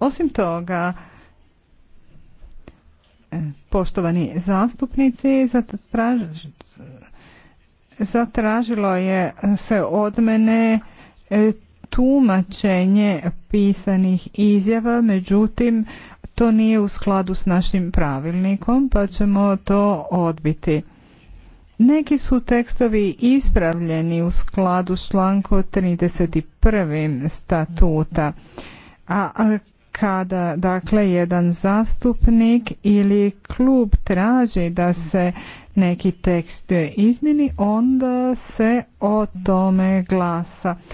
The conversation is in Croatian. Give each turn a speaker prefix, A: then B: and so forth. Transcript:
A: osim toga e, poštovani zastupnici zatražilo je se od mene e, tumačenje pisanih izjava međutim to nije u skladu s našim pravilnikom pa ćemo to odbiti neki su tekstovi ispravljeni u skladu s člankom 31. statuta, a kada dakle jedan zastupnik ili klub
B: traži da se neki tekst izmjeni, onda se o tome glasa.